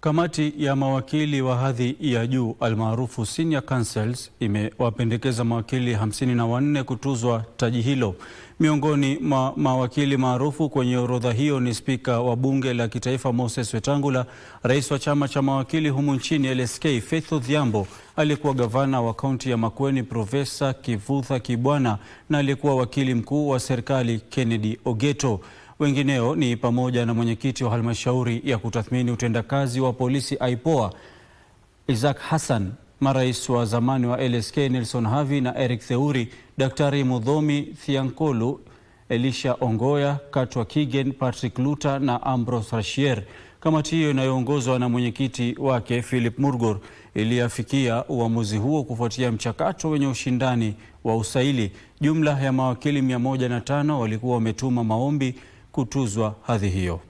Kamati ya mawakili wa hadhi ya juu almaarufu Senior Counsels imewapendekeza mawakili 54 kutuzwa taji hilo. Miongoni mwa mawakili maarufu kwenye orodha hiyo ni Spika wa Bunge la Kitaifa Moses Wetang'ula, Rais wa chama cha mawakili humu nchini LSK Faith Odhiambo, aliyekuwa gavana wa kaunti ya Makueni Profesa Kivutha Kibwana na aliyekuwa wakili mkuu wa serikali Kennedy Ogeto. Wengineo ni pamoja na mwenyekiti wa halmashauri ya kutathmini utendakazi wa polisi IPOA Isaac Hassan, marais wa zamani wa LSK Nelson Havi na Eric Theuri, Daktari Mudhomi Thiankolu, Elisha Ongoya, Katwa Kigen, Patrick Luta na Ambrose Rashier. Kamati hiyo inayoongozwa na mwenyekiti wake Philip Murgor iliafikia uamuzi huo kufuatia mchakato wenye ushindani wa usaili. Jumla ya mawakili 105 walikuwa wametuma maombi kutuzwa hadhi hiyo.